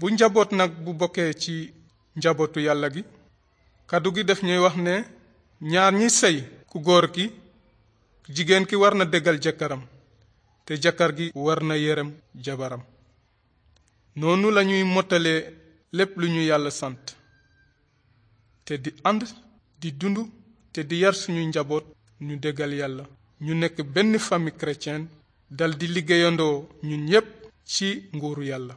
bu njaboot nag bu bokkee ci njabootu yàlla gi kàddu gi def ñuy wax ne ñaar ñi sëy ku góor ki jigéen ki war na déggal jëkkëram te jëkkër gi war na yërëm jabaram noonu lañuy mottalee lépp lu ñu yàlla sant te di ànd di dund te di yar suñu njaboot ñu déggal yàlla ñu nekk benn famille chrétienne dal di liggéeyandoo ñun ñépp ci nguuru yàlla